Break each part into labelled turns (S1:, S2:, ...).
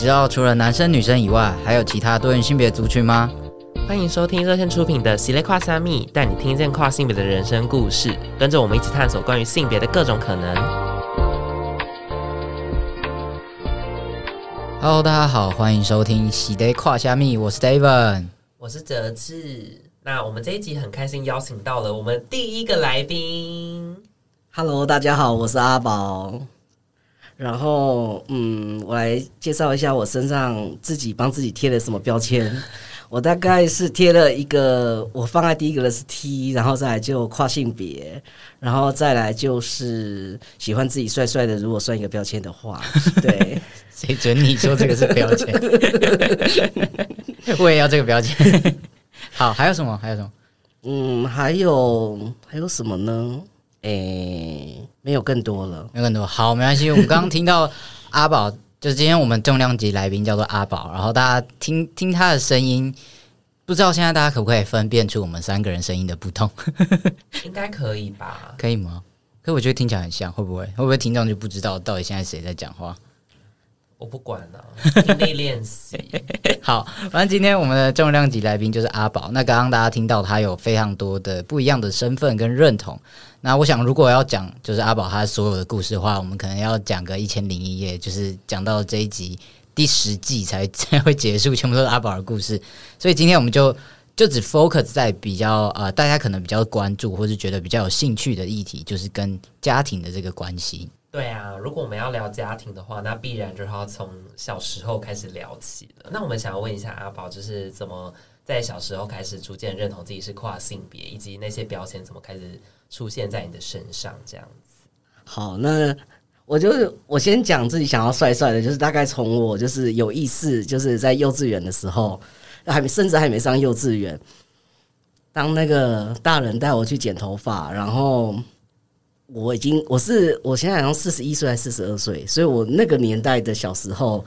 S1: 你知道除了男生女生以外，還有其他多元性別族群嗎？歡迎收聽熱線出品的《喜來跨蝦蜜》，帶你聽見跨性別的人生故事，跟着我們一起探索關於性別的各種可能。
S2: Hello，大家好，歡迎收聽《喜來跨蝦蜜》，我是 David，
S1: 我是哲志。那我們這一集很開心邀請到了我們第一個來賓。
S3: Hello，大家好，我是阿寶。然後，嗯，我來介紹一下我身上自己幫自己貼了什麼標籤。我大概是貼了一個，我放在第一個的是 T，然後再來就跨性別，然後再來就是喜歡自己帥帥的。如果算一個標籤的話，對， 誰准你說這個是標籤？ 我也要這個標籤。好，還有什麼？還有什麼？嗯，還有還有什麼呢？誒、欸，沒有更多了，沒有更多。好，沒關係。我們剛剛聽到阿寶，
S2: 就是今天我們重量級來賓叫做阿寶。然後大家聽聽他的聲音，不知道現在大家可不可以分辨出我們三個人聲音的不同？ 應
S1: 該可以吧？
S2: 可以嗎？可我覺得聽起來很像，會不會？會不會聽眾就不知道到底現在誰在講話？
S1: 我不管了，因為練
S2: 習 好。反正今天我們的重量級來賓就是阿寶。那剛剛大家聽到他有非常多的不一樣的身份跟認同。那我想，如果要講就是阿寶他所有的故事的話，我們可能要講個一千零一夜，就是講到這一集第十季才才會結束，全部都是阿寶的故事。所以今天我們就就只 focus 在比較呃大家可能比較關注或是覺得比較有興趣的議題，就是跟家庭的這個關係。
S1: 對啊，如果我們要聊家庭的話，那必然就是要從小時候開始聊起了。那我們想要問一下阿寶，就是怎麼在小時候開始逐漸認同自己是跨性別，以及那些標籤怎麼開始出現在你的身上？這樣子。
S3: 好，那我就是我先講自己想要帥帥的，就是大概從我就是有意識，就是在幼稚園的時候，還沒甚至還沒上幼稚園，當那個大人帶我去剪頭髮，然後。我已經我是我現在好像四十一歲還四十二歲，所以我那個年代的小時候，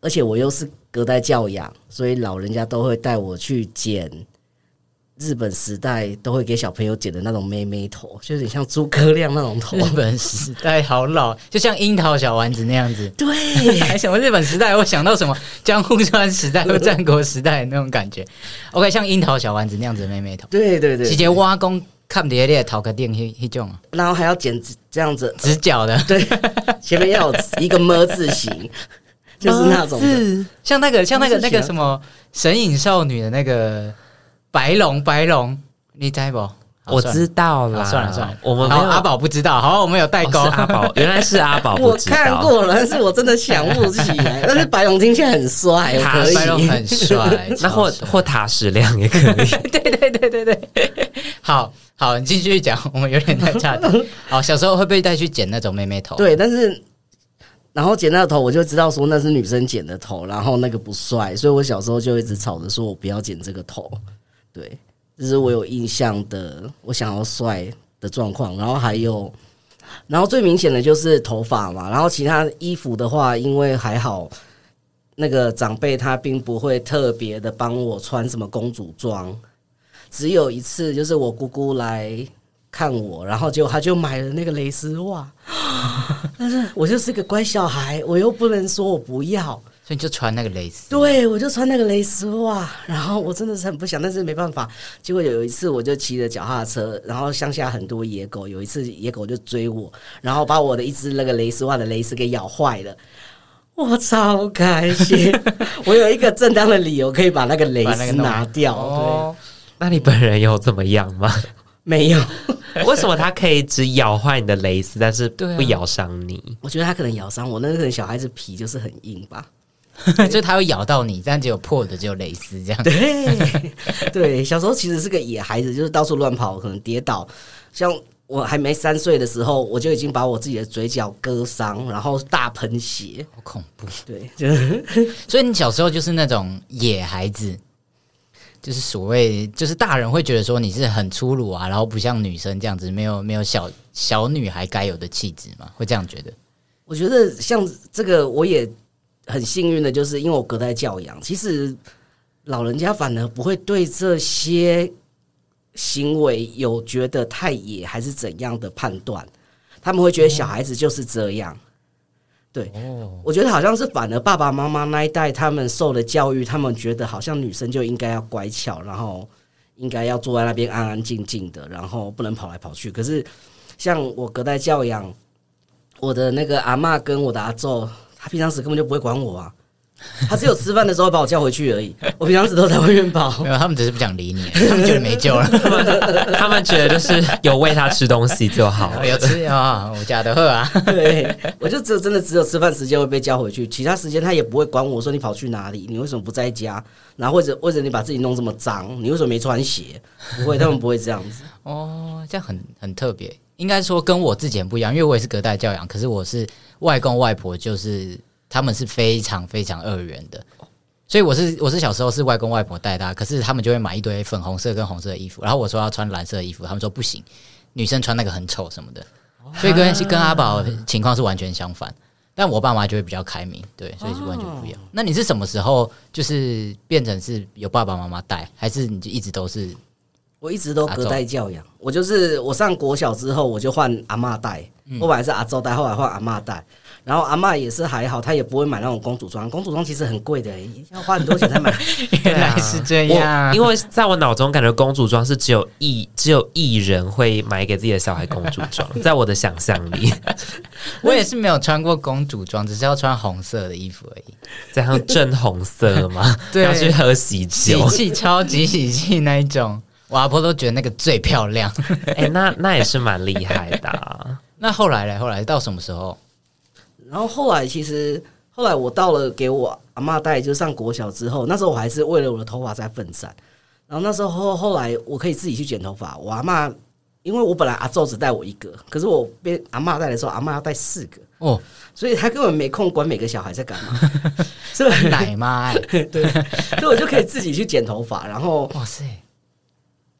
S3: 而且我又是隔代教養，所以老人家都會帶我去剪日本時代都會給小朋友剪的那種妹妹頭，就是像
S2: 諸葛亮那種頭。日本時代好老，就像櫻桃小丸子那樣子。
S1: 對，還
S2: 想到日本時代，我想到什麼？江戶川時代和戰國時代那種感覺。OK，像櫻桃小丸子那樣子妹妹頭。對對對，直接挖工。看，別列頭殼頂，去種，
S3: 然後還要剪這樣子、呃、
S2: 直角的，對， 前面要有一個麼字形。
S3: 就是那種、哦、是像那個，像那個，啊、那個什
S2: 麼神隱少女的那個白龍，白龍，你知無？好我知道了，算了算了，算了，我們、哦、阿寶不知道，好，我們有代溝，阿寶原來是阿寶， 我看過了，
S3: 但是我真的想不起來， 但是白龍精卻很帥，塔帥龍很帥，
S1: 那或或塔石亮，也可以， 對對對對對，好好，你繼續講，我們有點太
S2: 差。好，小時候會不會帶去剪那種妹妹頭，對，
S3: 但是然後剪那個頭，我就知道說那是女生剪的頭，然後那個不帥，所以我小時候就一直吵着說我不要剪這個頭，對。這是我有印象的，我想要帥的狀況，然後還有，然後最明顯的就是頭髮嘛。然後其他衣服的話，因為還好，那個長輩他並不會特別的幫我穿什麼公主裝。只有一次，就是我姑姑來看我，然後就她就買了那個蕾絲襪。但是我就是個乖小孩，我又不能說我不要。所以你就穿那個蕾絲？對，我就穿那個蕾絲襪。然後我真的是很不想，但是沒辦法。結果有一次，我就騎着腳踏車，然後鄉下很多野狗。有一次，野狗就追我，然後把我的一隻那個蕾絲襪的蕾絲給咬壞了。我超開心， 我有一個正當的理由可以把那個蕾絲拿掉。
S1: 那，對哦，那你本人有怎麼樣嗎？
S3: 沒有。 為什麼它可以
S1: 只咬壞你的蕾絲，但是不咬傷你，啊？
S3: 我覺得它可能咬傷我那個小孩子皮就是很硬吧。 就它會咬到你，但只有破的，只有蕾絲這樣子。 對，對，小時候其實是個野孩子，就是到處亂跑，可能跌倒。像我還沒三歲的時候，我就已經把我自己的嘴角割傷，然後大噴血，好恐怖。對，
S2: 就
S3: 所以你小時候就是那種野孩子，就
S2: 是所謂就是大人會覺得說你是很粗魯啊，然後不像女生這樣子，沒有沒有小小女孩該有的氣質嘛，會這樣覺得？
S3: 我覺得像這個，我也。很幸運的就是，因為我隔代教養，其實老人家反而不會對這些行為有覺得太野還是怎樣的判斷，他們會覺得小孩子就是這樣。對我覺得好像是反而爸爸媽媽那一代他們受的教育，他們覺得好像女生就應該要乖巧，然後應該要坐在那邊安安靜靜的，然後不能跑來跑去。可是像我隔代教養，我的那個阿嬤跟我的阿祖啊、平常時根本就不會管我啊，他只有吃飯的時候把我叫回去而已。 我平常時都在外面跑，沒有，他們只是不想理你，他們覺得沒
S1: 救了， 他們覺得就是有餵他吃東西就好， 我有吃啊，我家的喝啊。會啊。
S3: 對，我就只有真的只有吃飯時間會被叫回去，其他時間他也不會管我。說你跑去哪裡？你為什麼不在家？然後或者或者你把自己弄這麼髒？你為什麼沒穿鞋？
S2: 不會，他們不會這樣子 哦，這樣很
S3: 很特別。應
S2: 該說跟我之前不一樣，因為我也是隔代教養，可是我是外公外婆，就是他們是非常非常二元的，所以我是我是小時候是外公外婆帶大，可是他們就會買一堆粉紅色跟紅色的衣服，然後我說要穿藍色的衣服，他們說不行，女生穿那個很醜什麼的，所以跟跟阿寶情況是完全相反，但我爸媽就會比較開明，
S3: 對，所以就完全不一樣。
S2: 那你是什麼時候就是變成是有爸爸媽媽帶，還是你就一直都是？
S3: 我一直都隔代教養，宗我就是我上國小之後，我就換阿媽帶、嗯，我本來是阿周帶，後來換阿媽帶，然後阿媽也是還好，她也不會買那種公主裝，公主裝其實很貴的、欸，要花很多錢才買。 原來是這樣，啊、 因為
S1: 在我腦中感覺公主裝是只有一，只有一人會買給自己的小孩公主裝，在我的想象裡
S2: 我也是沒有穿過公主裝，只是要穿紅色的
S1: 衣服而已。 這樣正紅色嗎？ 對要去喝喜酒，喜氣
S2: 超級喜氣那一種。我阿婆都覺得那個最漂亮，哎、欸，那那也是蠻厲害的、啊。 那後來呢？後來到什麼時候？
S3: 然後後來其實後來我到了給我阿媽帶，就上國小之後，那時候我還是為了我的頭髮在奮戰。然後那時候後,後來我可以自己去剪頭髮，我阿媽因為我本來阿祖只帶我一個，可是我被阿媽帶的時候，阿媽要帶四個哦，所以她根本沒空管每個小孩在幹嘛，是不是奶媽、欸、對，所以我就可以自己去剪頭髮。然後哇塞！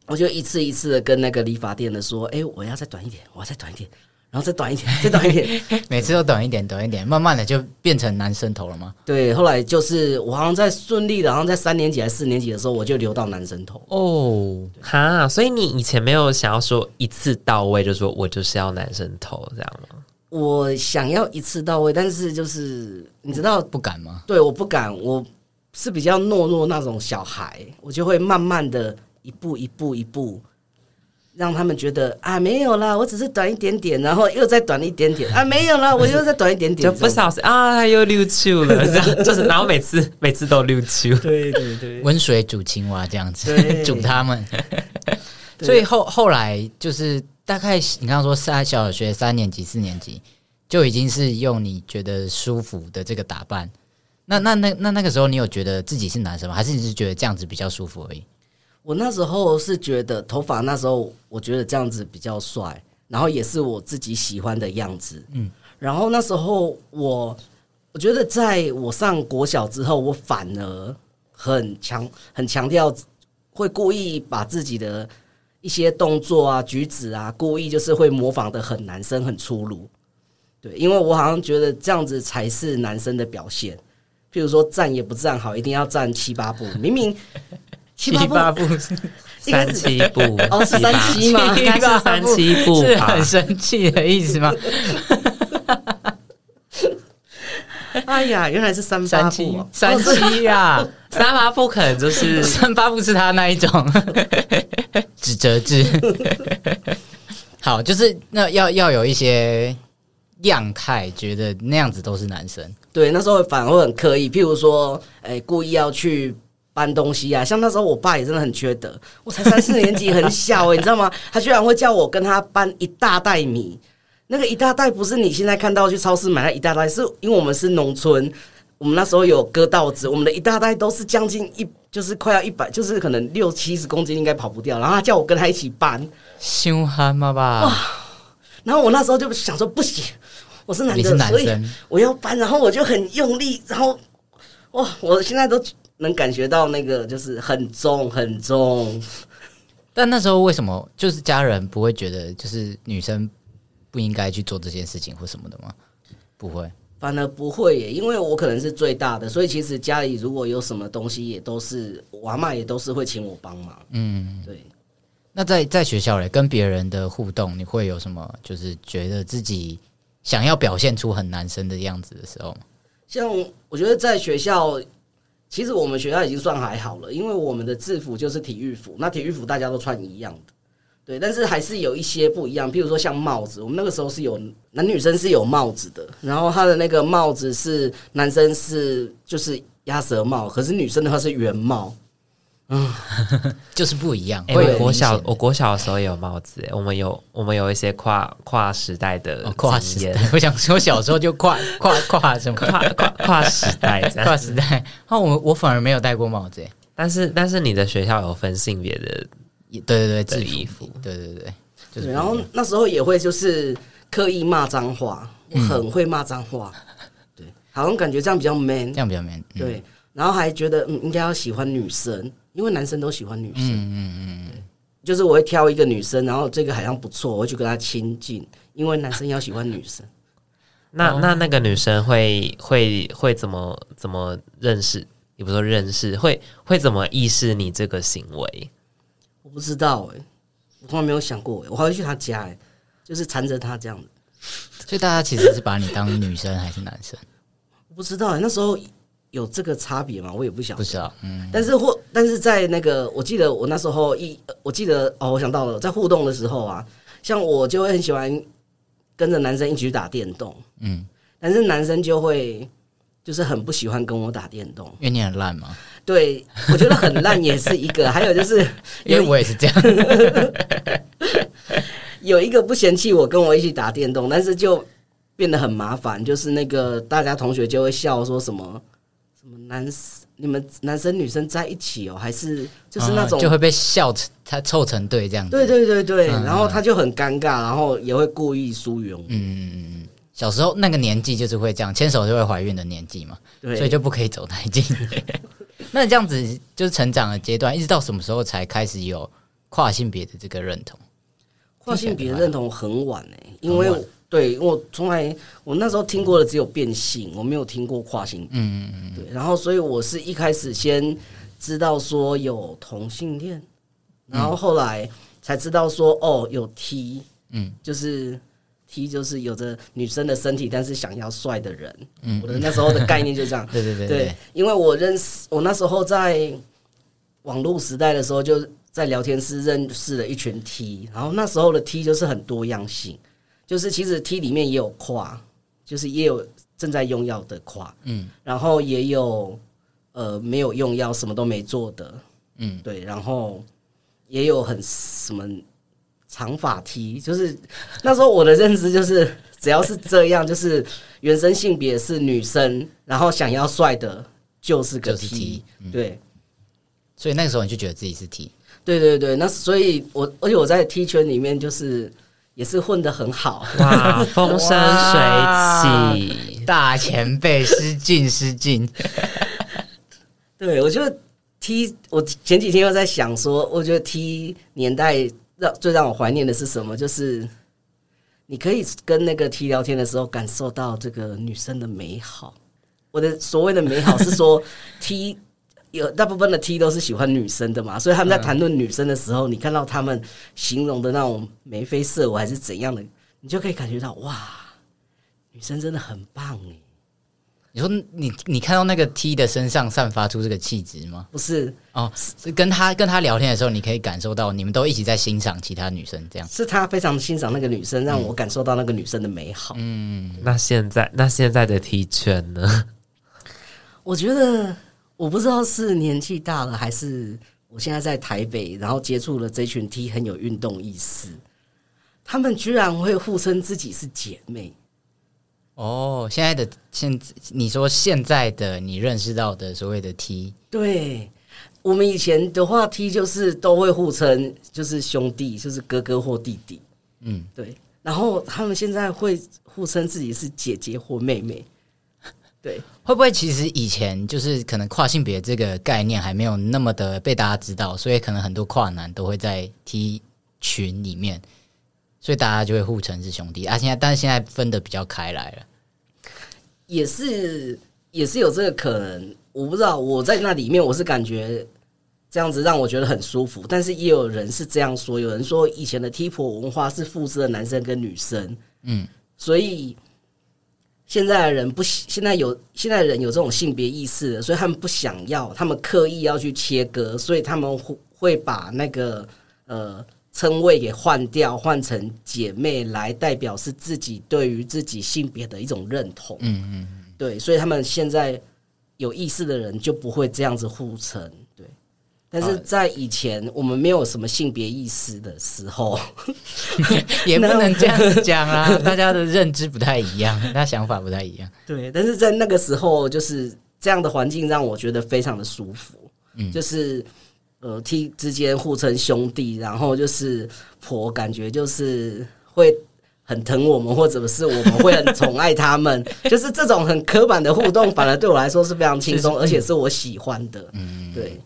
S3: 我就一次一次的跟那個理髮店的說，哎、欸，我要再短一點，我要再短一點，然後再短一點，再
S2: 短一點， 每次都短一點，短一點，慢慢的就變成男生
S3: 頭了嗎？對，後來就是我好像在順利的，好像在三年級還四年級的時候，我就留到男生頭。
S1: 哦，對哈，所以你以前沒有想要說一次到位，就說我就是要男生頭這樣嗎？
S3: 我想要一次到位，但是就是你知道不敢嗎？對，我不敢，我是比較懦弱那種小孩，我就會慢慢的。一步一步一步，讓他們覺得啊，沒有啦，我只是短一點點，然後又再短一點點 啊，沒有了，我又再短一點點，就不
S1: 小心啊，又溜出了 這樣，就是然後每次每次都溜出。對對對，溫水煮青蛙這樣子，
S2: 對煮他們。
S3: 對所以
S2: 後後來就是大概你剛剛說三小，小學三年級四年級就已經是用你覺得舒服的這個打扮。那那那那那個時候，你有覺得自己是男生嗎？還是你是覺得這樣子比較舒服而已？
S3: 我那時候是覺得頭髮那時候，我覺得這樣子比較帥，然後也是我自己喜歡的樣子。嗯，然後那時候我我覺得，在我上國小之後，我反而很強，很強調，會故意把自己的一些動作啊、舉止啊，故意就是會模仿得很男生、很粗魯。對，因為我好像覺得這樣子才是男生的表現。譬如說站也不站好，一定要站七八步，明明。 七八步，
S2: 八三七步，哦，是三七
S3: 嗎？七八 應該是三七步，啊，是很生氣的意思嗎？
S2: 哎呀，原
S3: 來是三八步、啊三七，三七呀、
S2: 啊， 三八步可能就是 三八步是他那一種
S3: 指責之。
S2: 好，就是那要要有一些樣態，覺得那樣子都是男生。
S3: 對，那時候反而會很刻意，譬如說，哎、欸，故意要去。搬東西啊，像那時候我爸也真的很缺德，我才三四年級很小哎、欸，你知道嗎？他居然會叫我跟他搬一大袋米，那個一大袋不是你現在看到去超市買那一大袋，是因為我們是農村，我們那時候有割稻子，我們的一大袋都是將近一，就是快要一百，就是可能六七十公斤應該跑不掉，然後他叫我跟他一起搬，心寒了吧。哇，然後我那時候就想說不行，我是男的，男所以我要搬，然後我就很用力，然後哇，我現在都。能感覺到那個就是很重很重，
S2: 但那時候為什麼就是家人不會覺得就是女生不應該去做這件事情或什麼的嗎？不會，
S3: 反而不會耶，因為我可能是最大的，所以其實家裡如果有什麼東西也都是我阿嬤，也都是會請我幫忙。
S2: 嗯，對。那在在學校裡跟別人的互動，你會有什麼就是覺得自己想要表現出很男生的樣子的時候嗎？
S3: 像我覺得在學校。其實我們學校已經算還好了，因為我們的制服就是體育服，那體育服大家都穿一樣的，對，但是還是有一些不一樣，譬如說像帽子，我們那個時候是有男女生是有帽子的，然後他的那個帽子是男生是就是鴨舌帽，可是女生的話是圓帽。
S2: 嗯，就是不一樣。欸、我小，
S1: 我國小的時候也有帽子。我們有，我們有一些跨跨時代的、哦、跨時代。我想說，小時候就跨跨跨什麼？跨跨跨時代，跨時代，跨時代。那我我反而沒有戴過帽子。但是但是你的學校有分性別的，對對對，制服，衣服對，對對對。
S3: 就是，然後那時候也會就是刻意罵髒話，很會罵髒話，嗯。對，好像感覺這樣比較 man，這樣比較 man。對，然後還覺得嗯，應該要喜歡女生。因為男生都喜歡女生，嗯嗯嗯,嗯，就是我會挑一個女生，然後這個好像不錯，我就跟她親近。因為男生要喜歡女生，
S1: 那那那個女生會會會怎麼怎麼認識？也不說認識，會會怎麼意識你這個行為？
S3: 我不知道誒、欸，我從來沒有想過誒、欸，我還會去她家誒、欸，就是纏着她這樣的。
S2: 所以大家其實是把你當女生還是男生？
S3: 我不知道誒、欸，那時候。有這個差別嗎？我也不曉得。不知道。嗯，但是或但是在那個，我記得我那時候一，我記得哦，我想到了，在互動的時候啊，像我就會很喜歡跟着男生一起去打電動，嗯，但是男生就會就是很不喜歡跟我打電動，因為你很爛嘛。對，我覺得很爛也是一個， 還有就是因為我也是這樣， 有一個不嫌棄我跟我一起打電動，但是就變得很麻煩，就是那個大家同學就會笑說什麼。男生，你們男生女生在一起哦、喔，還是就是那種、嗯、就會
S2: 被笑成他湊成對這樣子。對對對對，嗯、然後
S3: 他就很尷尬，然後也會故
S2: 意疏遠。嗯，小時候那個年紀就是會這樣，牽手就會懷孕的年紀嘛，對所以就不可以走太近。 那這樣子就是成長的階段，一直到什麼時候才開始有跨性別的這
S3: 個認同？跨性別的認同很晚哎、欸，晚因為我對，我從來我那時候聽過的只有變性，嗯、我沒有聽過跨性，嗯嗯嗯，對，然後所以我是一開始先知道說有同性戀，
S2: 嗯、然後後
S3: 來才知道說哦有 T，嗯，就是 T 就是有着女生的身體，但是想要帥的人，嗯，我的那時候的概念就這樣，嗯、對對對對,對，因為我認識我那時候在網絡時代的時候，就在聊天室認識了一群 T，然後那時候的 T 就是很多樣性。就是其實 T 裡面也有跨，就是也有正在用藥的跨，嗯，然後也有呃沒有用藥什麼都沒做的，嗯，對，然後也有很什麼長髮 T，就是那時候我的認知就是只要是這樣， 就是原生性別是女生，然後想要帥的就是個 T，就是 T，
S2: 對。嗯，所以那個時候你就覺得自己是 T，
S3: 對對對，那所以我而且我在 T 圈裡面就是。也是混得很好，哇風生水起，哇大前
S2: 輩，失敬失敬。
S3: 對，我覺得 T，我前幾天又在想說，我覺得 T 年代讓最讓我懷念的是什麼？就是你可以跟那個 T 聊天的時候，感受到這個女生的美好。我的所謂的美好是說 T。 有大部分的 T 都是喜歡女生的嘛，所以他們在談論女生的時候，嗯、你看到他們形容的那種眉飛色舞還是怎樣的，你就可以感覺到哇，女生真的很棒誒。你說你
S2: 你看到那個 T 的身上散發出這個氣質嗎？不是哦，是
S3: 是跟他跟他聊天
S2: 的時候，你可以感受到你們都一起在欣賞其他女生這樣。
S3: 是他非常欣賞那個女生，讓我感受到那個女生的美好。嗯，
S1: 那現在那現在的 T 圈呢？
S3: 我覺得。我不知道是年紀大了，還是我現在在台北，然後接觸了這群 T 很有運動意識，他們居然會互稱自己是姐妹。哦，現在的現你說現在的你認識到的所謂的 T？對我們以前的話 T 就是都會互稱就是兄弟，就是哥哥或弟弟。嗯，對。然後他們現在會互稱自己是姐姐或妹妹。對，會不會其
S2: 實以前就是可能跨性別這個概念還沒有那麼的被大家知道，所以可能很多跨男都會在踢群裡面，所以大家就會互稱是兄弟。啊，現在，但是現在分得比較開來了，
S3: 也是也是有這個可能。我不知道我在那裡面，我是感覺這樣子讓我覺得很舒服，但是也有人是這樣說，有人說以前的踢婆文化是複製了男生跟女生，嗯，所以。現在的人不，現在有，現在人有這種性別意識，所以他們不想要，他們刻意要去切割，所以他們會會把那個呃稱謂給換掉，換成姐妹來代表是自己對於自己性別的一種認同。嗯，嗯嗯，對，所以他們現在有意識的人就不會這樣子互稱。但是在以前我們沒有什麼性別意識的時候，啊， 也不能這樣子講啊。 大家的
S2: 認知不太一樣，他 想法不太一樣。
S3: 對，但是在那個時候，就是這樣的環境讓我覺得非常的舒服。嗯、就是呃，T 之間互稱兄弟，然後就是婆，感覺就是會很疼我們，或者是我們會很寵愛他們。 就是這種很刻板的互動，反而對我來說是非常輕鬆，嗯、而且是我喜歡的。嗯，對。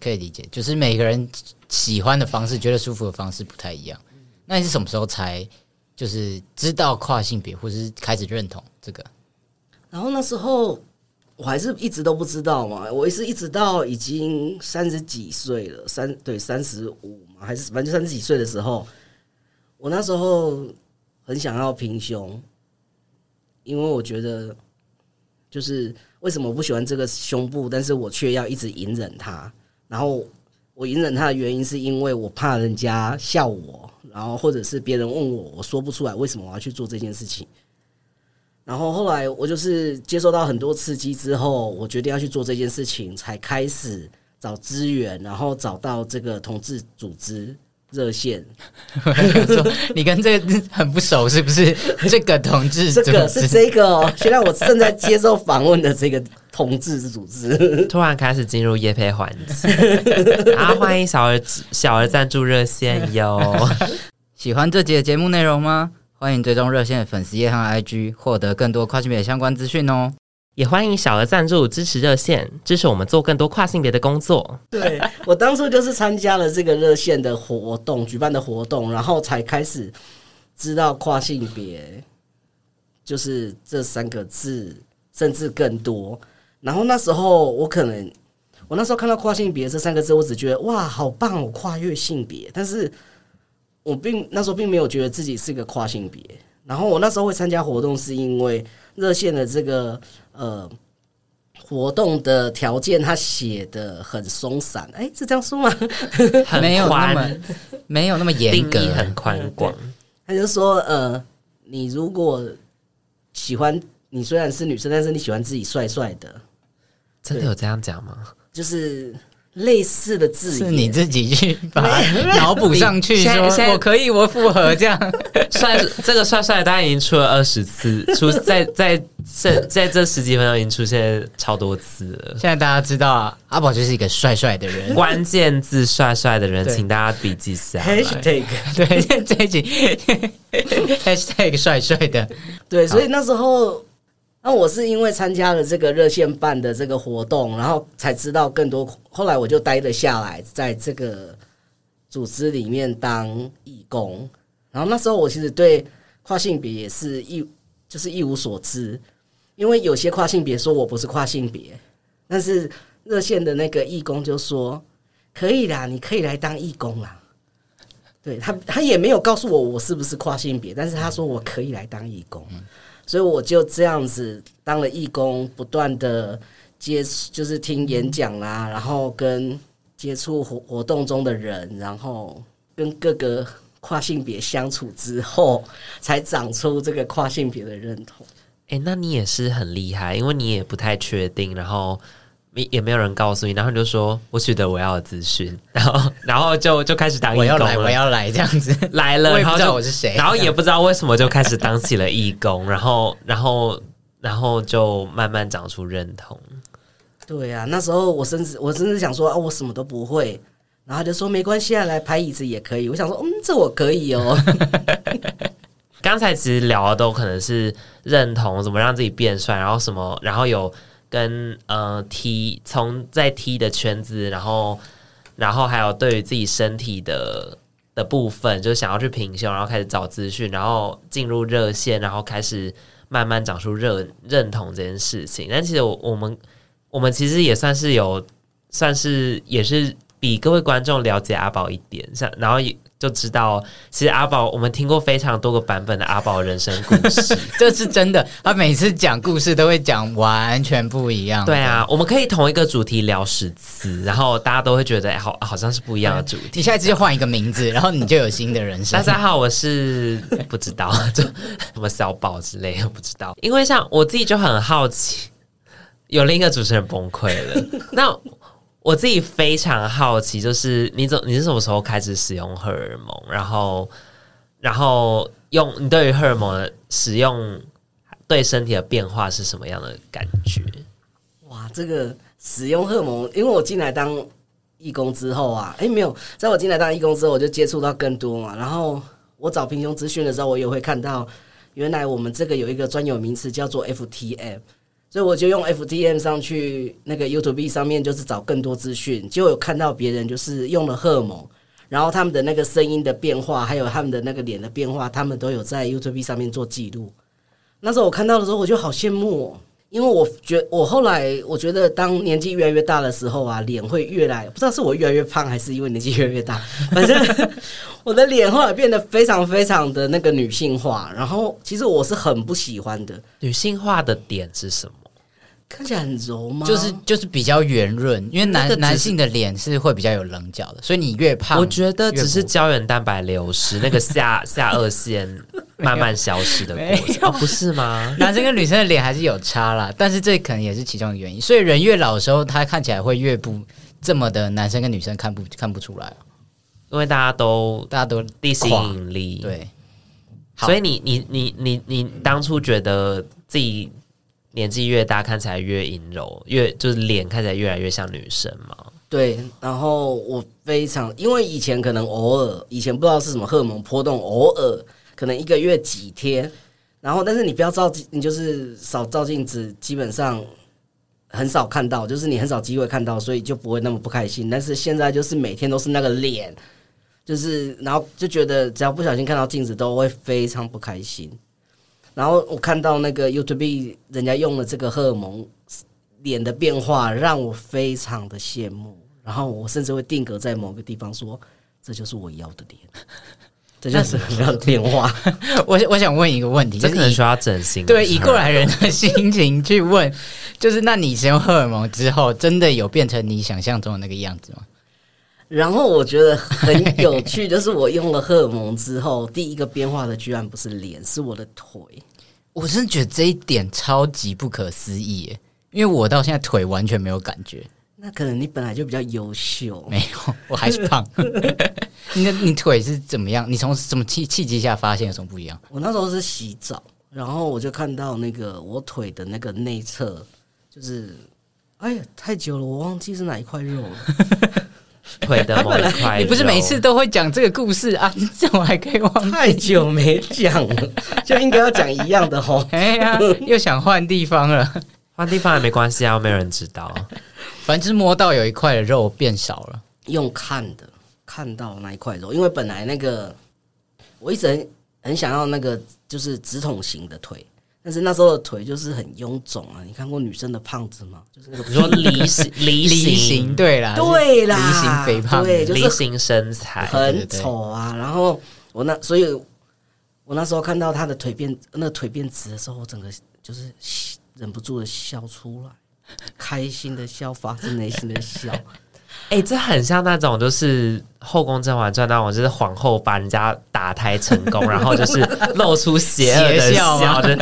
S3: 可以理解，就是每個人
S2: 喜歡的方式、覺得舒服的方式不太一樣。那你是什麼時候才就是知道跨性別，或者是開始認同這個？
S3: 然後那時候我還是一直都不知道嘛。我也是一直到已經三十幾歲了，三對三十五嘛，還是反正就三十幾歲的時候，我那時候很想要平胸，因為我覺得就是為什麼我不喜歡這個胸部，但是我卻要一直隱忍它。然後我隱忍他的原因，是因為我怕人家笑我，然後或者是別人問我，我說不出來為什麼我要去做這件事情。然後後來我就是接受到很多刺激之後，我決定要去做這件事情，才開始找資源，然後找到這個同志組織。熱熱線， 你跟這個很不熟是不是？這個同志， 這個是這個哦，現在我正在接受訪問的這個
S1: 同志組織，突然開始進入業配環節， 啊歡迎小額小額贊助熱線喲。 喜歡這集的節目內容嗎？歡迎追蹤熱線的粉絲頁和 IG，獲得更多跨性別相關資訊哦。也歡迎小額贊助支持熱線，支持我們做更多跨性別的工作。
S3: 對，我當初就是參加了這個熱線的活動，舉辦的活動，然後才開始知道跨性別就是這三個字，甚至更多。然後那時候我可能，我那時候看到跨性別這三個字，我只覺得哇，好棒哦，跨越性別。但是我並那時候並沒有覺得自己是個跨性別。然後我那時候會參加活動，是因為熱線的這個呃活動的條件，他寫得很鬆散。哎、欸，是這樣說嗎？沒有那麼沒有那麼嚴格，很寬廣、嗯。他就說，呃，你如果喜歡你雖然是女生，但是你喜歡自己帥帥的，
S1: 真的有這樣講嗎？就
S3: 是。類似的字，是你
S1: 自己去把它腦補上去說， 我可以我符合這樣帥， 這個帥帥的大家已經出了二十次，出在在在在這十幾分鐘已經出現超多次了。現在大家知道阿寶就是一個帥帥的人，關鍵字帥帥的人， 對請大家筆記下來。Hashtag 對，Hashtag 對這句 Hashtag 帥帥的，
S3: 對，所以那時候。那、啊、我是因為參加了這個熱線辦的這個活動，然後才知道更多。後來我就待了下來，在這個組織裡面當義工。然後那時候我其實對跨性別也是一就是一無所知，因為有些跨性別說我不是跨性別，但是熱線的那個義工就說可以啦，你可以來當義工啦、啊。對他，他也沒有告訴我我是不是跨性別，但是他說我可以來當義工。所以我就這樣子當了義工，不斷的接觸，就是聽演講啦、啊，然後跟接觸活活動中的人，然後跟各個跨性別相處之後，才長出這個跨性別的認同。
S1: 誒、欸，那你也是很厲害，因為你也不太確定，然後。也也沒有人告訴你，然後你就說：“我取得我要的資訊。”然後，然後就就開始當義工我要來，我要來這樣子來了，然後就我是誰，然後也不知道為什麼就開始當起了義工， 然後，然後，然後就慢慢長出認同。
S3: 對呀、啊，那時候我甚至我甚至想說：“啊，我什麼都不會。”然後就說：“沒關係啊，來拍椅子也可以。”我想說：“嗯，這我可以哦。
S1: ”剛才其實聊的都可能是認同，怎麼讓自己變帥，然後什麼，然後有。跟呃踢從在踢的圈子，然後然後還有對於自己身體的的部分，就想要去平胸，然後開始找資訊，然後進入熱線，然後開始慢慢長出認認同這件事情。但其實我我們我們其實也算是有算是也是比各位觀眾了解阿寶一點，像然後也。就知道，其實阿寶，我們聽過非常多個版本的阿寶人生故
S2: 事，這 是真的。他每次講故事都會講完全不一樣。對啊，
S1: 對我們可以同一個主題聊十次，然後大家都會覺得好好像是不一樣的主題的。嗯、你下一次就換一個名字，然後你就有新的人生。 大家好，我是不知道，就什麼小寶之類的，不知道。因為像我自己就很好奇，有另一個主持人崩潰了。 那。我自己非常好奇，就是你怎你是什麼時候開始使用荷爾蒙，然後然後用你對於荷爾蒙的使用對身體的變化是什麼樣的感覺？
S3: 哇，這個使用荷爾蒙，因為我進來當義工之後啊，誒、欸，沒有，在我進來當義工之後，我就接觸到更多嘛。然後我找平胸資訊的時候，我也會看到，原來我們這個有一個專有名詞叫做 FTM。所以我就用 F T M 上去那個 YouTube 上面，就是找更多資訊。結果，有看到別人就是用了荷爾蒙，然後他們的那個聲音的變化，還有他們的那個臉的變化，他們都有在 YouTube 上面做記錄。那時候我看到的時候，我就好羨慕哦，因為我覺我後來我覺得，當年紀越來越大的時候啊，臉會越來不知道是我越來越胖，還是因為年紀越來越大，反正 我的臉後來變得非常非常的那個女性化。然後其實我是很不喜歡的女性化的點是什麼？看起來很柔嗎？就是
S1: 就是比較圓潤，因為
S3: 男男性
S2: 的臉是會比較有稜角
S1: 的，所以你越胖，我覺得只是膠原蛋白流失， 那個下下顎線慢慢消失的過程，哦，不是嗎？ 男生跟女生的臉還是有差啦，但是這可能也是其中的原因，所
S2: 以人越老的時候，他看起來會越不這麼的，男生跟女生看不看不出來，因
S1: 為大家都大家都地心引力對，好所以你你你你你當初覺得自己。年紀越大，看起來越陰柔，越就是臉看起來越來越像女生嘛。
S3: 對，然後我非常，因為以前可能偶爾，以前不知道是什麼荷爾蒙波動，偶爾可能一個月幾天，然後但是你不要照，你就是少照鏡子，基本上很少看到，就是你很少機會看到，所以就不會那麼不開心。但是現在就是每天都是那個臉，就是然後就覺得只要不小心看到鏡子，都會非常不開心。然後我看到那個 YouTube 人家用了這個荷爾蒙，臉的變化讓我非常的羨慕。然後我甚至會定格在某個地方說：“這就是我要的臉，這就是我要的變化。我”我我想問一個
S2: 問題：真的很需
S1: 要整形？對，以過來人
S2: 的心情去問，就是：那你使用荷爾蒙之後，真的有變成你想象中的那個樣子嗎？
S3: 然後我覺得很有趣， 就是我用了荷爾蒙之後，第一個變化的居然不是臉，是我的腿。
S2: 我真的覺得這一點超級不可思議耶，因為我到現在腿完全沒有感覺。
S3: 那可能你本來就比較優秀，沒有，我還是胖。
S2: 那 你，你腿是怎麼樣？你從什麼契契機下發現有什麼不一樣？
S3: 我那時候是洗澡，然後我就看到那個我腿的那個內側，就是哎呀太久了，我忘記是哪一塊肉了。 腿的，某一塊，你不是每次都會講這個故事啊？你怎麼還可以忘？太久沒講了， 就應該要
S2: 講一樣的齁。哎呀，
S1: 又想換地方了，換地方也沒關係啊，又沒有人
S2: 知道。反
S3: 正就是摸到有一塊肉變少了，用看的，看到那一塊肉，因為本來那個我一直很很想要那個就是直筒型的腿。但是那時候的腿就是很臃腫啊！你看過女生的胖子嗎？就是那個比如說梨形、梨形， 對啦，對啦，梨形肥胖子，對，就是梨形身材很醜啊。然後我那，所以我那時候看到他的腿變，那腿變直的時候，我整個就是忍不住的笑出來，開心的笑，發自內心的笑。
S1: 誒、欸，這很像那種，就是《後宮甄嬛傳》那種，就是皇后把人家打胎成功， 然後就是露出邪惡的笑的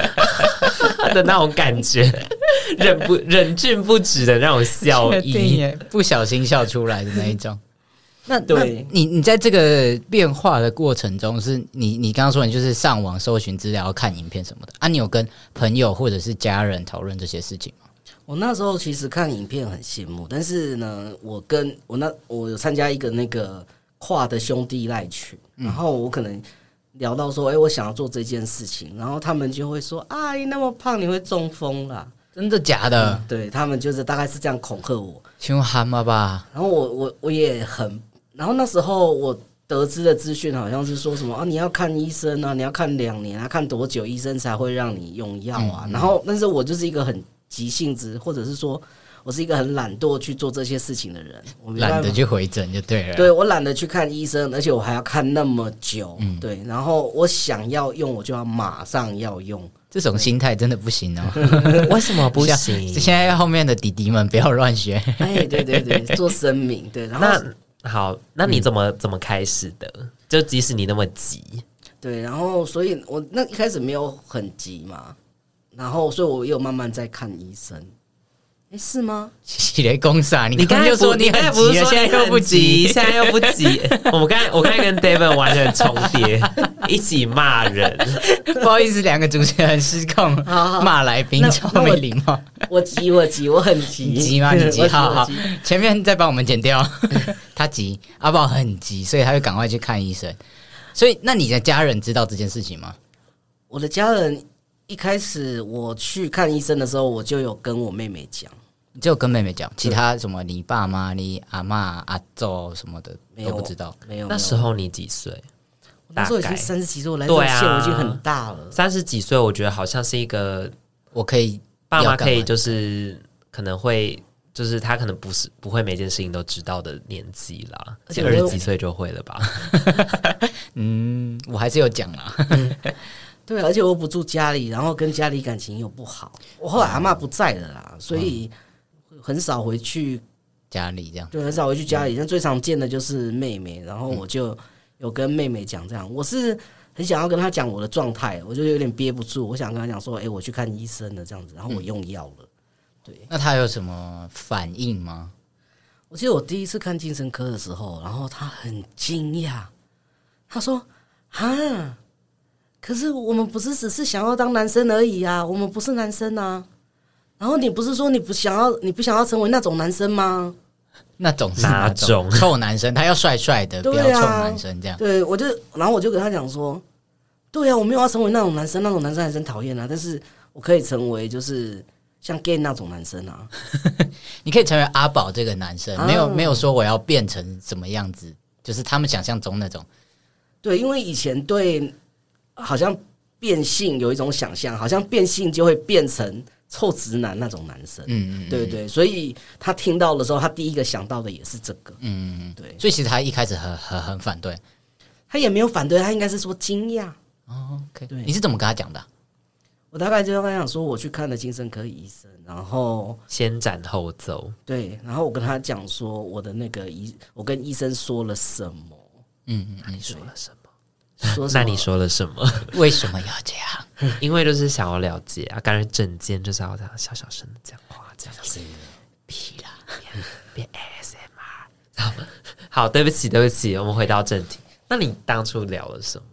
S1: 的那種感覺，忍不忍俊不止
S2: 的那種笑意，不小心笑出來的那一種。那，對，那你你在這個變化的過程中是，是你你剛剛說你就是上網搜尋資料、看影片什麼的啊？你有跟朋友或者是家人討論這些事情嗎？
S3: 我那時候其實看影片很羨慕，但是呢，我跟我那我有參加一個那個跨的兄弟賴群，嗯、然後我可能聊到說，哎、欸，我想要做這件事情，然後他們就會說，哎、啊，你那麼胖你會中風啦、啊？真的假的？嗯、對他們就是大概是這樣恐嚇我，
S2: 太寒了
S3: 吧。然後我我我也很，然後那時候我得知的資訊好像是說什麼啊，你要看醫生啊，你要看兩年啊，看多久醫生才會讓你用藥啊？嗯、然後，但是我就是一個很。急性子，或者是說我是一個很懶惰去做這些事情的人，懶得去回診就對了。對，我懶得去看醫生，而且我還要看那麼久。嗯、對，然後我想要用，我就要馬上要用。
S2: 這種心態對真的不行哦、喔！ 為什麼不行？現在後面的弟弟們不要亂學。哎
S1: 欸，對對對，做
S3: 聲明對。然後
S1: 那好，那你怎麼、嗯、怎麼開始的？就即使你那麼急，
S3: 對，然後所以我，我那一開始沒有很急嘛。然後，所以我又慢慢在看醫生。哎，是嗎？
S1: 你來攻殺你？你剛才說你很急，現在又不急，現在又不急。我剛我剛跟 David 玩的很重疊，一起罵人。
S2: 不好意思，兩個主持人很失控，罵來賓超沒禮貌。
S3: 我急，我急，我很急，急嗎？你急？好好，
S2: 前面再幫我們剪掉。他急，阿寶很急，所以他就趕快去看醫生。所以，那你的家人知道這件事情嗎？
S3: 我的家人。一開始我去看醫生的時候，我就有跟我妹妹講，就
S2: 跟妹妹講，其他什麼你爸媽、你阿媽、阿祖什麼的有都不知道。
S3: 沒
S1: 有，沒有，那時候你幾歲？概那時候我已經三十幾歲。我來我對啊，我已經很大了。三十幾歲，我覺得好像是一個我可以爸媽可以就是可能會就是他可能不是不會每件事情都知道的年紀啦，而且二十幾歲就會了吧？ 嗯，我還是有講啦。嗯
S3: 對，而且我不住家裡，然後跟家裡感情又不好。我後來阿媽不在了啦，所以很少回去家裡。這樣對，很少回去家裡。但最常見的就是妹妹，然後我就有跟妹妹講這樣。我是很想要跟她講我的狀態，我就有點憋不住，我想跟她講說，誒、欸，我去看醫生了，這樣子，然後我用藥了。對，那她有什麼反應嗎？我記得我第一次看精神科的時候，然後她很驚訝，她說：“啊。”可是我們不是只是想要當男生而已啊！我們不是男生啊，然後你不是說你不想要你不想要成為那種男生嗎？
S2: 那種是哪種？哪種臭男生？他要帥帥的，啊、不要
S3: 臭男生這樣。對我就，然後我就跟他講說：“對呀、啊，我沒有要成為那種男生，那種男生還真討厭啊。但是我可以成為就是像 gay 那種男生啊。
S2: 你可以成為阿寶這個男生，沒有、啊、沒有說我要變成什麼樣子，就是他們想
S3: 象中那種。對，因為以前對。”好像變性有一種想象好像變性就會變成臭直男那種男生，嗯嗯，嗯，對，對對，所以他聽到的時候，他第一個想到的也是這個，嗯，嗯，對，所以其實他一開始很很很反對，他也沒有反對，他應該是說驚訝，哦，okay，對，你是怎麼跟他講的啊？我大概就是跟他講說我去看了精神科醫生，然後先斬後奏，對，然後我跟他講說我的那個醫，我跟醫生說了什麼，嗯，
S1: 嗯嗯，你對，
S3: 說了什麼？說
S1: 那你說了什麼？為什麼要這樣？嗯、因為就是想要了解啊，感覺整間就是要這樣小小聲的講話這樣子。屁啦，
S3: 屁，屁 SMR，知道嗎？
S1: 好，對不起，對不起，我們回到正題。那你當初聊了什麼？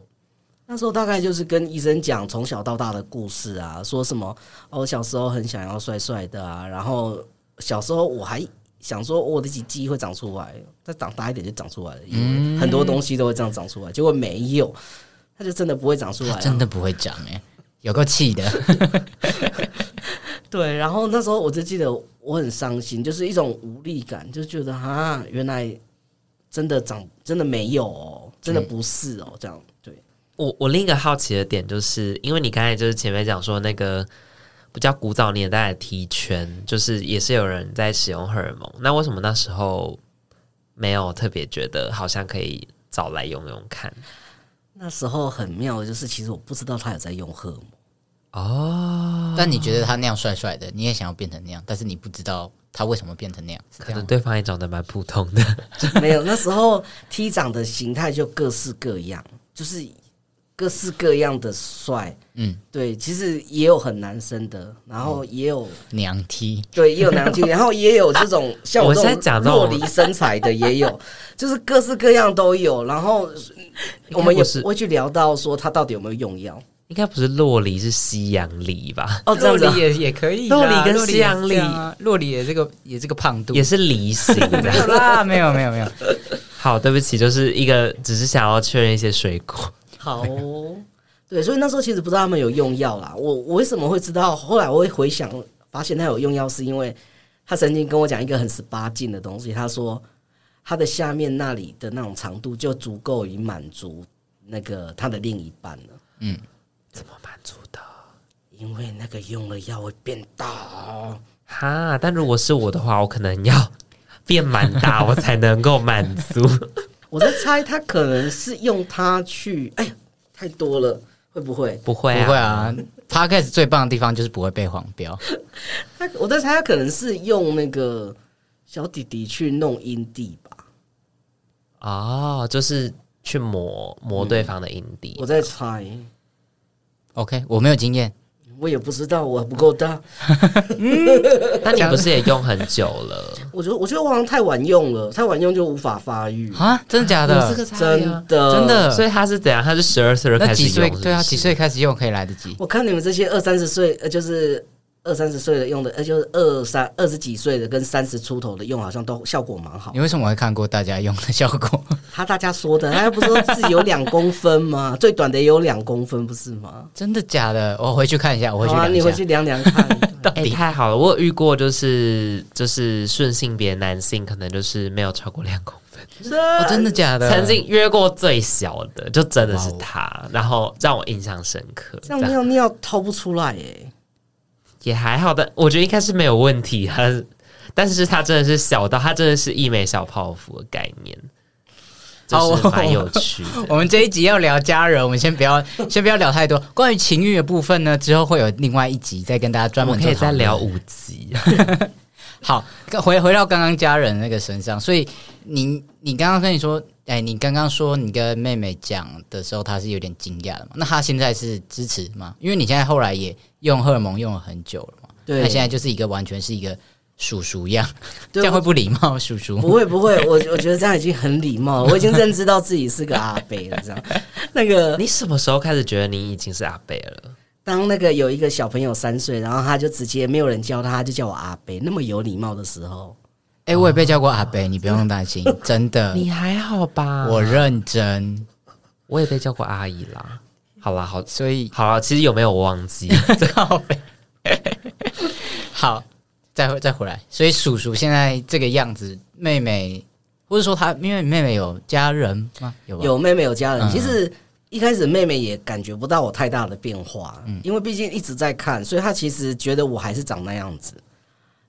S3: 那時候大概就是跟醫生講從小到大的故事啊，說什麼、哦、我小時候很想要帥帥的啊，然後小時候我還。想說我的雞雞，會長出來，再長大一點就長出來了，嗯、
S2: 很多東西
S3: 都會這樣長出來。結果沒有，它就真的不會長出來，啊，真的不
S2: 會長，欸、有夠氣的。
S3: 對，然後那時候我就記得我很傷心，就是一種無力感，就覺得啊，原來真的長，真的沒有，喔，真的不是哦，喔。嗯、這樣，對，
S1: 我我另一個好奇的點就是，因為你剛才就是前面講說那個。比較古早年代的 T 圈，就是也是有人在使用荷爾蒙。那為什麼那時候沒有特別覺得好像可以找來用用看？
S3: 那時候很妙，就是其實我不知道他有在用荷爾蒙
S2: 哦。但你覺得他那樣帥帥的，你也想要變成那樣，但是你不知道他
S3: 為什麼變成那樣，
S1: 是這樣？可能對方也長得蠻普通的。
S3: 沒有，那時候 T 長的形態就各式各樣，就是。各式各樣的帥，嗯，對，其實也有很男生的，然後也有娘 T，對，也有娘 T，然後也有這種像我現在講的酪梨身材的也有，就是各式各樣都有。然後我們也是會去聊到說他到底有沒有用藥？
S1: 應該不是酪梨，是西洋梨吧？哦，
S2: 酪梨也也可以，酪梨跟西洋梨，酪梨也這個
S1: 也是個胖度，也是梨型。好啦，沒有沒有沒有，好，對不起，就是一個只是想要確認一些水果。
S3: 好、哦，對，所以那時候其實不知道他們有用藥啦。我我為什麼會知道？後來我會回想，發現他有用藥，是因為他曾經跟我講一個很十八禁的東西。他說，他的下面那裡的那種長度就足夠以滿足那個他的另一半了。嗯，怎麼滿足的？因為那個用了藥會變大哦。哈、
S1: 啊，但如果是我的話，我可能要變蠻大，我才能夠滿足。
S3: 我在猜，他可能是用它去，哎，太多了，會不會？不會，不會
S1: 啊
S2: ，Podcast 最棒的地方就是不會被黃標。
S3: 他，我在猜，他可能是用那個小弟弟去弄陰蒂吧？
S1: 啊、哦，就是去磨磨對方的陰蒂、嗯。
S3: 我在猜。
S1: OK，我沒有
S3: 經驗。我也不知道，我不夠大。 嗯、那你不是也
S1: 用很久了？
S3: 我覺得，我覺得我好像太晚用了，太晚用就無法發育啊！真的假的？真的真的。真的。所
S1: 以他是怎樣？他是十二歲開始用，那幾歲，是不是？對啊，幾歲開始用可以來得及？
S3: 我看你們這些二三十歲，呃，就是。二三十歲的用的，呃，就是二三二十幾歲的跟三十出頭的用，好像都效果蠻好。
S2: 你為什麼會看過大家用的效果？
S3: 他大家說的，他又不是說自己有兩公分嗎？ 最短的也有兩公分，不是嗎？真的假的？我回
S1: 去看一下，我回去量一下。好、啊，你回
S3: 去量量看，
S1: 到底、欸、太好了。我有遇過就是就是順性別男性，可能就是沒有超過兩公
S3: 分這、哦。真的假的？曾經約
S1: 過最小的，就真的是他，哦、然後讓我印象深刻。
S3: 這樣尿尿掏不出來耶、欸！
S1: 也還好的，我覺得應該是沒有問題哈。但是他真的是小到，他真的是一枚小泡芙的概念，
S3: 就是蠻
S1: 有趣
S2: 我我。我們這一集要聊家人，我們先不要 先不要聊太多關於情欲的部分呢。之後會有另外一集再跟大家專門可以再聊五
S1: 集。
S2: 好，回回到剛剛家人的那個身上，所以您。你剛剛跟你說，哎，你剛剛說你跟妹妹講的時候，她是有點驚訝的嘛？那她現在是支持嗎？因為你現在後來也用荷爾蒙用了很久了嘛？對，她現在就是一個完全是一個叔叔樣，
S1: 對這樣會不禮貌我叔叔？不會
S3: 不會，我我覺得這樣已經很禮貌了。 我已經認知到自己是個阿伯了， 這樣
S1: 那個你什麼時候開始覺得你已經是阿伯了？
S3: 當那個有一個小朋友三歲，然後他就直接沒有人教他,他就叫我阿伯，那麼有禮貌的時候。
S1: 哎、欸，
S2: 我也被叫過阿北，哦、你不用擔心，真的。你還好吧？我認真，
S1: 我也被叫過阿姨啦。好啦，好，所以好了，其實有沒有我忘
S2: 記？ 好，再回，再回來。所以叔叔現在這個樣子，妹妹或者說她，因為妹妹有家人嗎？有，有，有
S3: 妹妹有家人。嗯嗯，其實一開始妹妹也感覺不到我太大的變化，嗯、因為畢竟一直在看，所以她其實覺得我還是長那樣子。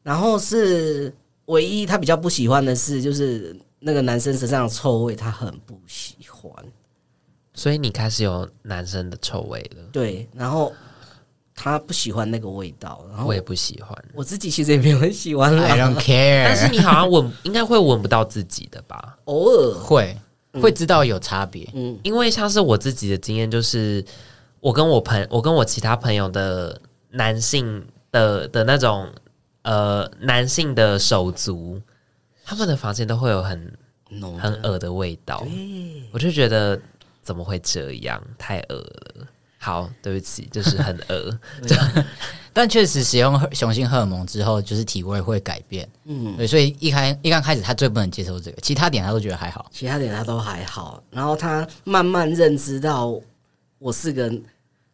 S3: 然後是。唯一他比較不喜歡的是，就是那個男生身上的臭味，他很不喜歡。
S1: 所以你開始有男生的臭味了？
S3: 對。然後他不喜歡那個味道，然後我，我也不喜歡，我自己其實也沒有很喜歡啊。I don't care。但是你好像
S1: 聞，應該會聞不到自己的吧？ 偶爾會會知道有差別。嗯，因為像是我自己的經驗，就是我跟我朋友，我跟我其他朋友的男性的的那種。呃，男性的手足，他們的房間都會有很濃、很噁的味道，對我就覺得怎麼會這樣？太噁了！好，對不起，就是很噁 對啊。
S2: 但確實使用雄性荷爾蒙之後，就是體味會,會改變。嗯，對，所以一開一剛開始，他最不能接受這個，其他點他都覺得還好，其他點他都還好。
S3: 然後他慢慢認知到，我是個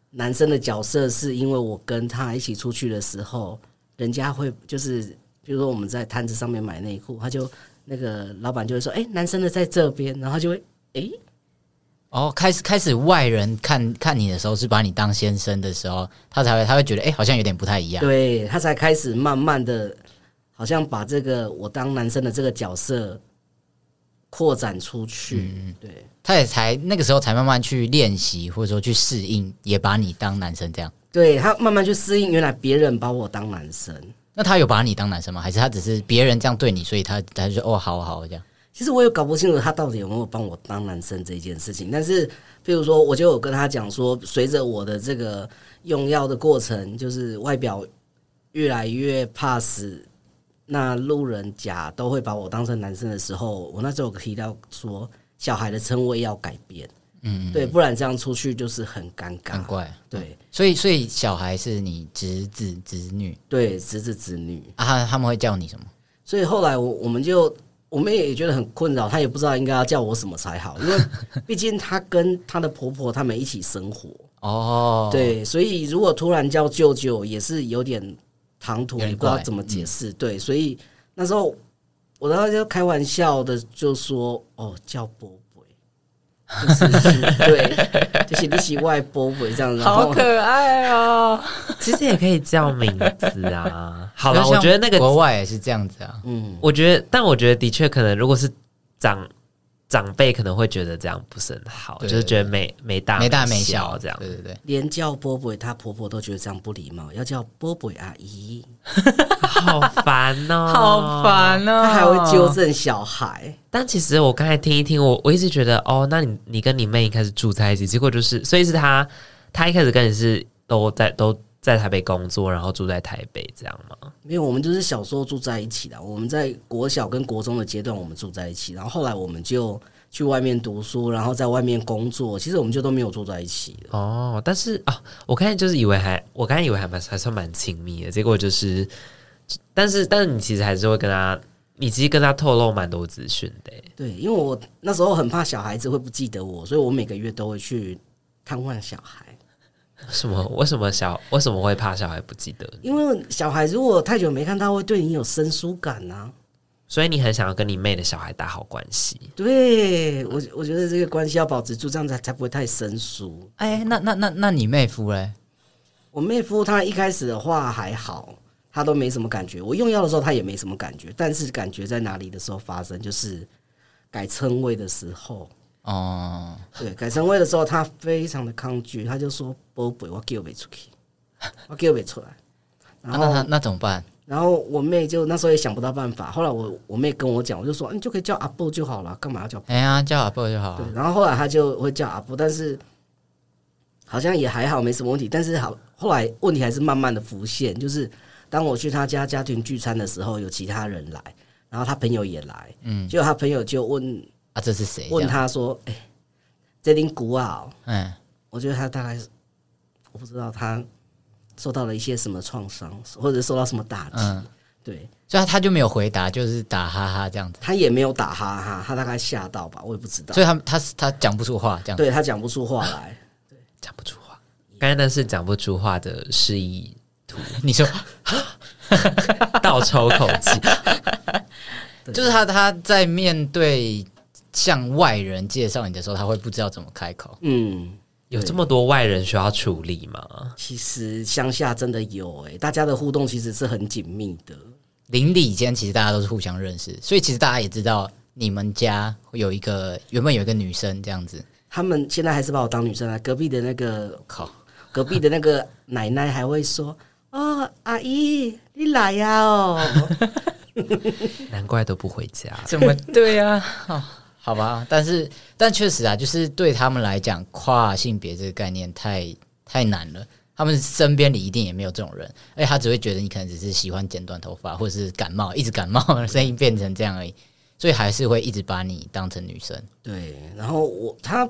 S3: 男生的角色，是因為我跟他一起出去的時候。人家會就是，比如說我們在攤子上面買內褲，他就那個老闆就會說：“哎、欸，男生的在這邊。”然後他就會，哎、欸，
S2: 哦，開始開始外人看看你的時候，是把你當先生的時候，他才會他會覺得，哎、欸，好像有點不太一樣。對，
S3: 他才開始慢慢的，好像把這個我當男生的這個角色，擴展出去，嗯、對，
S2: 他也才那個時候才慢慢去練習，或者說去適應，也把你當男生這樣。
S3: 對，他慢慢去適應，原來別人把我當男生。
S2: 那他有把你當男生嗎？還是他只是別人這樣對你，所以他才說哦，好好這樣。
S3: 其實我也搞不清楚他到底有沒有把我當男生這件事情。但是，譬如說，我就有跟他講說，隨着我的這個用藥的過程，就是外表越來越怕死。那路人甲都會把我當成男生的時候，我那時候提到說，小孩的稱謂要改變，嗯，嗯，對，不然這樣出去就是很尷尬，很怪，對、嗯。所以，所以
S2: 小孩是你侄子、侄女，對，侄子、侄女啊，他們會叫你什麼？
S3: 所以後來我我們就我們也覺得很困擾，他也不知道應該要叫我什麼才好，因為畢竟他跟他的婆婆他們一起生活哦， 對，所以如果突然叫舅舅也是有點。唐突，你不知道怎麼解釋，嗯、對，所以那時候我那時候就開玩笑的就說，哦，叫波波，就是， 對，就寫不起外波波這樣子，好可
S2: 愛哦，喔。其實也可以叫名字啊。 好了啦，我覺得那個國外也是這樣子啊。嗯，
S1: 我覺得，但我覺得的確可能，如果是長。長輩可能會覺得這樣不是很好，對對對，就是覺得沒沒大沒大沒小這樣。
S3: 對對對，連叫波波她婆婆都覺得這樣不禮貌，要叫波波阿姨， 好煩哦、喔。好煩哦、喔，她還會糾正小孩。
S1: 但其實我剛才聽一聽，我我一直覺得哦，那你你跟你妹一開始住在一起，結果就是所以是他他一開始跟你是都在都在台北工作，然後住在台北這樣嗎？
S3: 沒有，因為我們就是小時候住在一起的。我們在國小跟國中的階段，我們住在一起。然後後來我們就去外面讀書，然後在外面工作。其實我們就都沒有住在一起。
S1: 哦，但是啊，哦，我剛才就是以為還，我剛才以為還蠻還算蠻親密的。結果就是，但是但是你其實還是會跟他，你其實跟他透露蠻多資訊的。
S3: 對，因為我那時候很怕小孩子會不記得我，所以我每個月都會去看望小孩。
S1: 什麼？為什麼小？為什麼會怕小孩不記得？
S3: 因為小孩如果太久沒看到，會對你有生疏感啊。
S1: 所以你很想要跟你妹的小孩打好關係。
S3: 對，我我覺得這個關係要保持住，這樣子才才不會太生疏。哎、欸，那那那那你妹夫嘞？我妹夫他一開始的話還好，他都沒什麼感覺。我用藥的時候他也沒什麼感覺，但是感覺在哪裡的時候發生，就是改稱謂的時候。哦，嗯、對，改稱謂的時候，他非常的抗拒，他就說：“寶貝，我叫你出去，我叫你出來。”然後、啊、那那怎麼辦？然後我妹就那時候也想不到辦法。後來我我妹跟我講，我就說：“你、欸、就可以叫阿布就好了，幹嘛要叫
S2: 爸爸？哎呀、欸啊，叫阿布就好、啊。對”
S3: 然後後來他就會叫阿布，但是好像也還好，沒什麼問題。但是好，後來問題還是慢慢的浮現。就是當我去他家家庭聚餐的時候，有其他人來，然後他朋友也來，嗯，就他朋友就問。嗯啊，這是誰？問他說：“哎、欸，這頂古老，嗯，我覺得他大概，我不知道他受到了一些什麼創傷，或者受到什麼打擊，嗯、對。”
S2: 所以他就沒有回答，
S3: 就是打哈哈這樣子。他也沒有打哈哈，他大概嚇到吧，我也不知道。所以他他他
S1: 講不出話，這
S3: 樣，對，他講不出話來，講
S1: 不出話。剛才那是講不出話的示意圖。 你說倒抽口氣， 對
S2: 就是他他在面對。向外人介紹你的時候，他
S1: 會不知道怎麼開口。嗯，有這麼多外人需要處理嗎？
S3: 其實鄉下真的有誒、欸，大家的互動其實是很緊密的。鄰里間其實大家都
S2: 是互相認識，所以其實大家也知道你們家有一個原本有一個女生這樣
S3: 子，他們現在還是把我當女生啊。隔壁的那個靠，隔壁的那個奶奶還會說：“ 哦，阿姨，你來呀、啊、哦。 ”
S1: 難
S3: 怪都不回家。怎麼
S1: 對啊？哦
S3: 好吧，
S2: 但是但確實啊，就是對他們來講，跨性別這個概念太太難了。他們身邊裡一定也沒有這種人，而且他只會覺得你可能只是喜歡剪短頭髮，或者是感冒一直感冒，聲音變成這樣而已，對所以還是會一直把你當成女生。
S3: 對，然後我他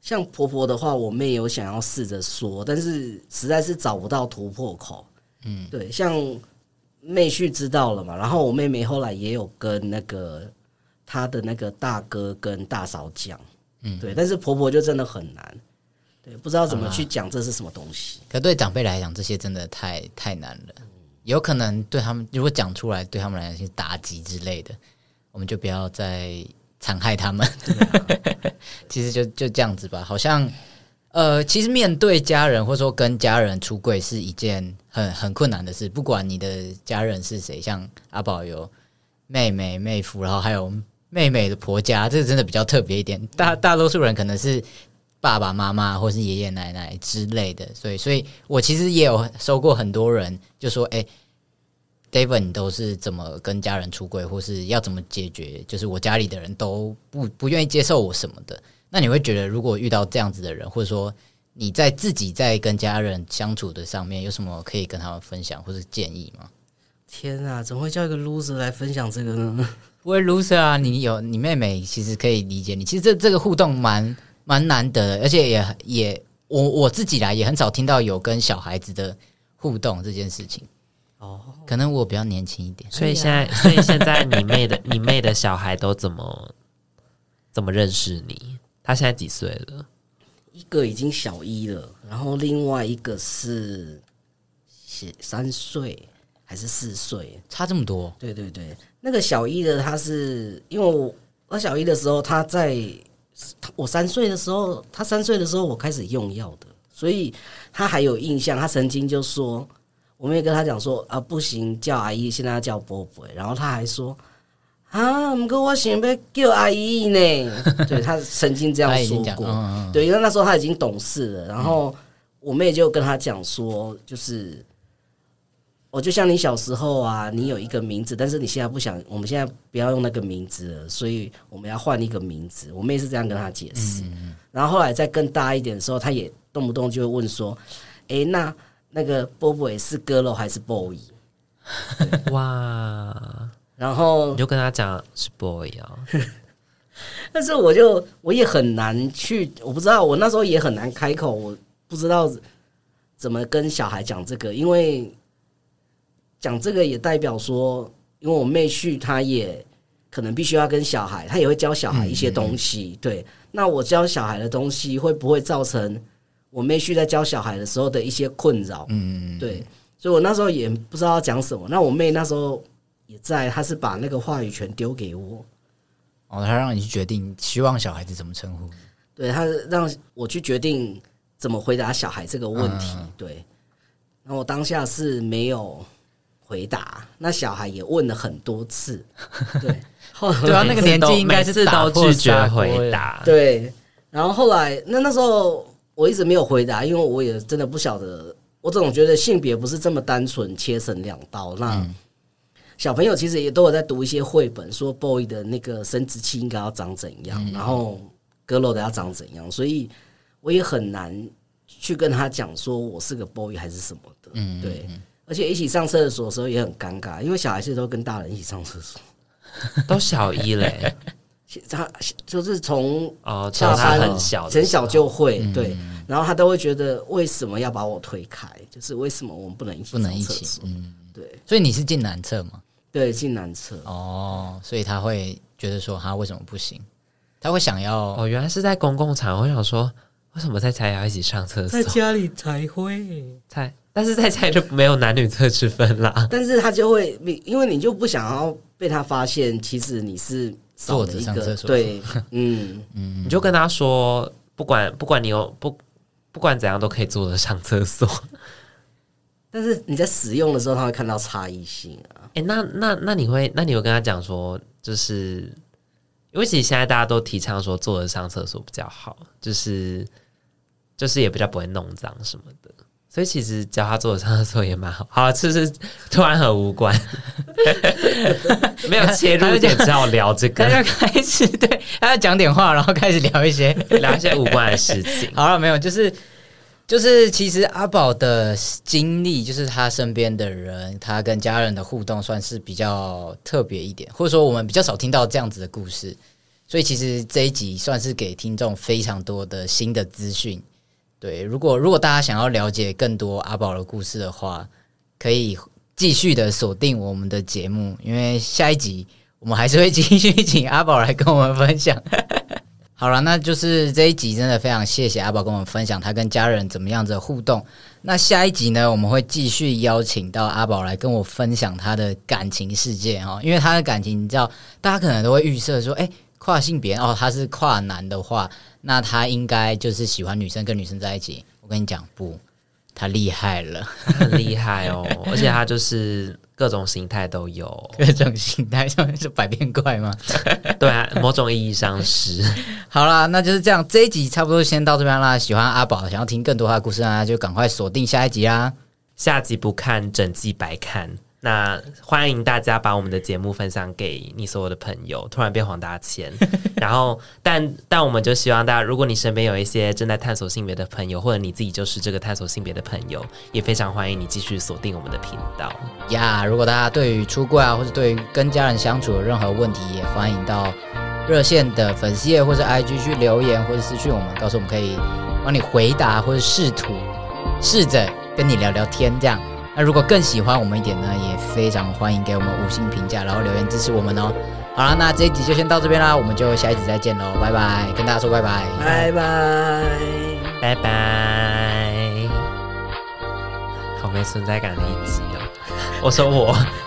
S3: 像婆婆的話，我妹有想要試着說，但是實在是找不到突破口。嗯，對，像妹婿知道了嘛，然後我妹妹後來也有跟那個。他的那個大哥跟大嫂講，嗯，對，但是婆婆就真的很難，對，不知道怎麼去講這是什麼東西。
S2: 啊、可對長輩來講，這些真的太太難了，嗯、有可能對他們如果講出來，對他們來講是打擊之類的，我們就不要再殘害他們。啊、 其實就就這樣子吧，好像呃，其實面對家人，或者說跟家人出櫃是一件很很困難的事，不管你的家人是誰，像阿寶有妹妹、妹夫，然後還有。妹妹的婆家，這個真的比較特別一點。大大多數人可能是爸爸媽媽或是爺爺奶奶之類的，所以，所以，我其實也有收過很多人，就說：“誒，David 你都是怎麼跟家人出櫃，或是要怎麼解決？就是我家裡的人都不不願意接受我什麼的。”那你會覺得，如果遇到這樣子的人，或者說你在自己在跟家人相處的上面，有什麼可以跟他們分享或是建議嗎？
S3: 天啊，怎麼會叫一個 loser 來分享這個呢？
S2: 不會 loser 啊，你有你妹妹，其實可以理解你。其實這這個互動蠻蠻難得的，而且也也我我自己來也很少聽到有跟小孩子的互動這件事情。哦，可能我比較年輕一點，所以現在、哎、呀所以現在你
S1: 妹的 你妹的小孩都怎麼怎麼認識你？他現在幾歲了？
S3: 一個已經小一了，然後另外一個是寫三歲。也是四歲，差這麼多。對對對，那個小一的，他是因為我我小一的時候，他在我三歲的時候，他三歲的時候，我開始用藥的，所以他還有印象。他曾經就說，我妹跟他講說啊，不行，叫阿姨，現在要叫伯伯。然後他還說啊，哥，我先要叫阿姨呢。對，他曾經這樣說過，對，因為那時候他已經懂事了。然後我妹就跟他講說，就是。我就像你小時候啊，你有一個名字，但是你現在不想，我們現在不要用那個名字了，所以我們要換一個名字。我妹是這樣跟他解釋，嗯嗯嗯，然後後來再更大一點的時候，他也動不動就會問說：“哎，那那個波波也是 girl 還是 boy？”
S1: 哇！然後你就跟他講是 boy 啊，哦，
S3: 但是我就我也很難去，我不知道我那時候也很難開口，我不知道怎麼跟小孩講這個，因為。講這個也代表說，因為我妹婿他也可能必須要跟小孩，他也會教小孩一些東西。嗯嗯嗯對，那我教小孩的東西會不會造成我妹婿在教小孩的時候的一些困擾？嗯，嗯，嗯，對，所以我那時候也不知道要講什麼。那我妹那時候也在，她是把那個話語權丟給我。
S2: 哦，她讓你去決定希望小孩子怎麼稱呼？
S3: 對，她讓我去決定怎麼回答，小孩這個問題。嗯、對，那我當下是沒有。回答，那小孩也問了很多次，對， 後那個年紀應該是都拒絕回答，對。然後後來，那那時候我一直沒有回答，因為我也真的不曉得，我總覺得性別不是這麼單純切成兩刀。那、嗯、小朋友其實也都有在讀一些繪本，說 boy 的那個生殖器應該要長怎樣，嗯、然後 girl 的要長怎樣，所以我也很難去跟他講說我是個 boy 還是什麼的，嗯嗯嗯對。而且一起上廁所的時候也很尷尬，因為小孩子都跟大人一起上廁所，
S1: 都小一嘞、欸。
S3: 他就是從哦，小他很小，很小就會對，嗯、然後他都會覺得為什麼要把我推開？就是為什麼我們不能一起上廁所？對、嗯，
S2: 所以你是進男廁嗎？
S3: 對，進男廁哦，
S2: 所以他會覺得說他為什麼不行？他會想要
S1: 哦，原來是在公共場合，我想說。為什麼在家要一起上廁所？在家
S3: 裡才會才，但是在家裡就
S1: 沒有男女廁之分啦。
S3: 但是他就會你，因為你就不想要被他發現，其實你是一個坐着上廁所。對，
S1: 嗯呵嗯，你就跟他說，不管不管你有不不管怎樣都可以坐着上廁所。
S3: 但是你在使用的時候，他會看到差異性啊。
S1: 哎、欸，那那那你會，那你有跟他講說，就是因為其實現在大家都提倡說坐着上廁所比較好，就是。就是也比較不會弄髒什麼的，所以其實教他做髒髒作業也蠻好，好、啊。好了，是突然很無關， 沒有切入就，只好聊這個他開始。
S2: 對，他要講點話，然後開始聊一些 聊一些無關的事情。 好了、啊，沒有，就是就是，其實阿寶的經歷，就是他身邊的人，他跟家人的互動，算是比較特別一點，或者說我們比較少聽到這樣子的故事。所以其實這一集算是給聽眾非常多的新的資訊。對，如果如果大家想要了解更多阿寶的故事的話，可以繼續的鎖定我們的節目，因為下一集我們還是會繼續請阿寶來跟我們分享。 好了，那就是這一集真的非常謝謝阿寶跟我們分享他跟家人怎麼樣的互動。那下一集呢，我們會繼續邀請到阿寶來跟我分享他的感情世界哈，因為他的感情，你知道，大家可能都會預設說，誒、欸……跨性別哦，他是跨男的話，那他應該就是喜歡女生跟女生在一起。我跟你講，不，他厲害了，
S1: 厲害哦！ 而且他就是各種形態都有，各種形態像是百變怪嗎？ 對啊，某種意義上是。 好啦。那就是這樣，這
S2: 一集差不多先到這邊啦。喜歡阿寶，想要聽更多他的故事啊，就趕快鎖定下一集啊！
S1: 下集不看，整集白看。那歡迎大家把我們的節目分享給你所有的朋友。突然變黃大千， 然後，但但我們就希望大家，如果你身邊有一些正在探索性別的朋友，或者你自己就是這個探索性別的朋友，也非常歡迎你繼續鎖定我們的頻道
S2: 呀。Yeah, 如果大家對於出櫃啊，或者對於跟家人相處有任何問題，也歡迎到熱線的粉絲頁或者 IG 去留言或者私訊我們，到時候我們可以幫你回答或者試圖試着跟你聊聊天這樣。那如果更喜歡我們一點呢，也非常歡迎給我們五星評價，然後留言支持我們哦、喔。好啦，那這一集就先到這邊啦，我們就下一集再見嘍，拜拜，跟大家說拜拜，拜
S3: 拜，
S1: 拜拜，好沒存在感的一集哦、喔， 我說我。